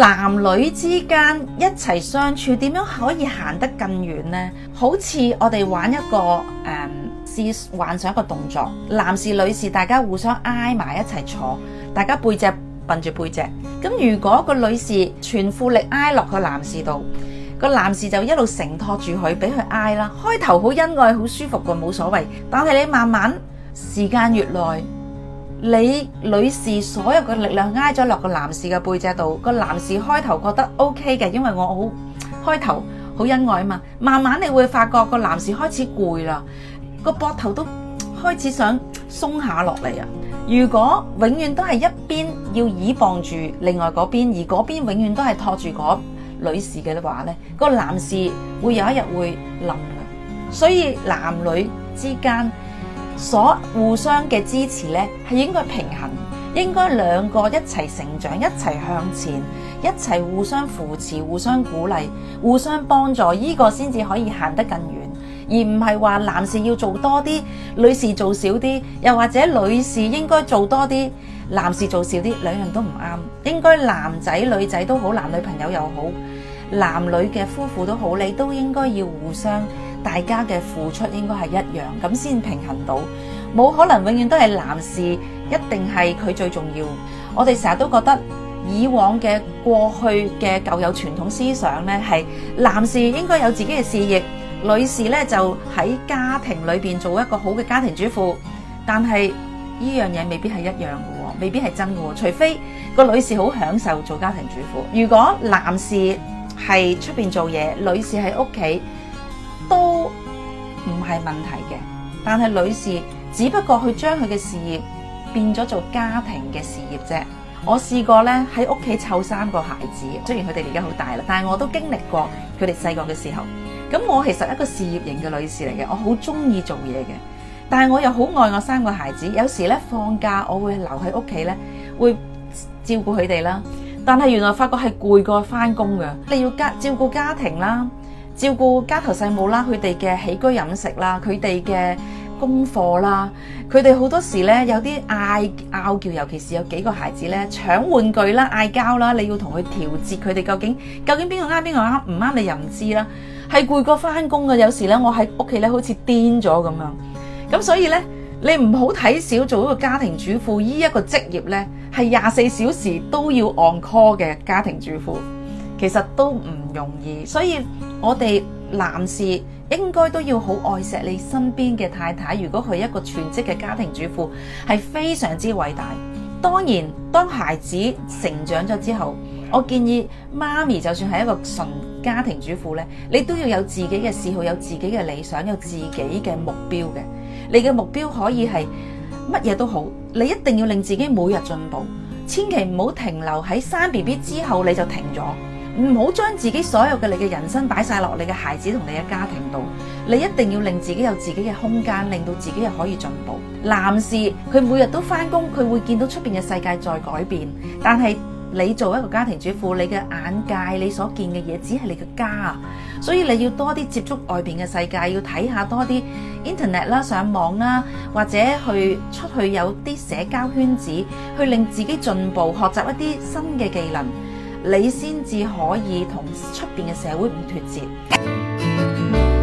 男女之間一齊相處，點樣可以行得更遠呢？好似我哋玩一個誒試幻想一個動作，男士女士大家互相挨埋一齊坐，大家背脊揼住背脊。咁如果個女士全副力挨落個男士度，個男士就一路承托住佢，俾佢挨啦。開頭好恩愛，好舒服嘅，冇所謂。但係你慢慢時間越耐。你女士所有嘅力量挨咗落個男士嘅背脊度，個男士開頭覺得 OK 嘅，因為我好開頭好恩愛啊嘛。慢慢你會發覺個男士開始攰啦，個膊頭都開始想鬆下落嚟啊。如果永遠都係一邊要倚傍住另外嗰邊，而嗰邊永遠都係托住嗰女士嘅話咧，個男士會有一日會冧。所以男女之間。所互相嘅支持呢，係應該平衡，應該兩個一齊成長，一齊向前，一齊互相扶持、互相鼓勵、互相幫助，呢個先至可以行得更遠，而唔係話男士要做多啲，女士做少啲，又或者女士應該做多啲，男士做少啲，兩樣都唔啱，應該男仔女仔都好，男女朋友又好，男女嘅夫婦都好，你都應該要互相。大家嘅付出應該係一樣，咁先平衡到。冇可能永遠都係男士一定係佢最重要。我哋成日都覺得以往嘅過去嘅舊有傳統思想呢，係男士應該有自己嘅事業，女士呢就喺家庭裏邊做一個好嘅家庭主婦。但係呢樣嘢未必係一樣嘅喎，未必係真嘅喎。除非個女士好享受做家庭主婦。如果男士係出邊做嘢，女士喺屋企，都唔係問題嘅，但係女士只不過去將佢嘅事業變咗做家庭嘅事業啫。我試過咧，喺屋企湊三個孩子，雖然佢哋而家好大啦，但係我都經歷過佢哋細個嘅時候。咁我其實一個事業型嘅女士嚟嘅，我好中意做嘢嘅，但係我又好愛我三個孩子。有時咧放假我會留喺屋企呢，會照顧佢哋啦。但係原來發覺係攰過翻工嘅，你要家照顧家庭啦。照顧家頭細務啦，佢哋嘅起居飲食啦，佢哋嘅功課啦，佢哋好多時咧有啲嗌拗撬，尤其是有幾個孩子咧搶玩具啦、嗌交啦，你要同佢調節佢哋究竟究竟邊個啱邊個啱唔啱，你又唔知啦，係攰過翻工㗎。有時咧我喺屋企咧好似癲咗咁樣，咁所以咧你唔好睇小做一個家庭主婦呢一個職業咧，係廿四小時都要按 call 嘅家庭主婦。其實都唔容易，所以我哋男士應該都要好愛錫你身邊嘅太太。如果佢一個全職嘅家庭主婦，係非常之偉大。當然，當孩子成長咗之後，我建議媽咪就算係一個純家庭主婦呢，你都要有自己嘅嗜好，有自己嘅理想，有自己嘅目標嘅。你嘅目標可以係乜嘢都好，你一定要令自己每日進步，千祈唔好停留喺生 BB 之後你就停咗。唔好將自己所有嘅你嘅人生擺晒落你嘅孩子同你嘅家庭度，你一定要令自己有自己嘅空間，令到自己又可以進步。男士佢每日都返工，佢會見到出邊嘅世界在改變，但係你做一個家庭主婦，你嘅眼界你所見嘅嘢只係你嘅家啊，所以你要多啲接觸外邊嘅世界，要睇下多啲 internet 啦、上網啦，或者去出去有啲社交圈子，去令自己進步，學習一啲新嘅技能。你先至可以同出邊嘅社會唔脫節。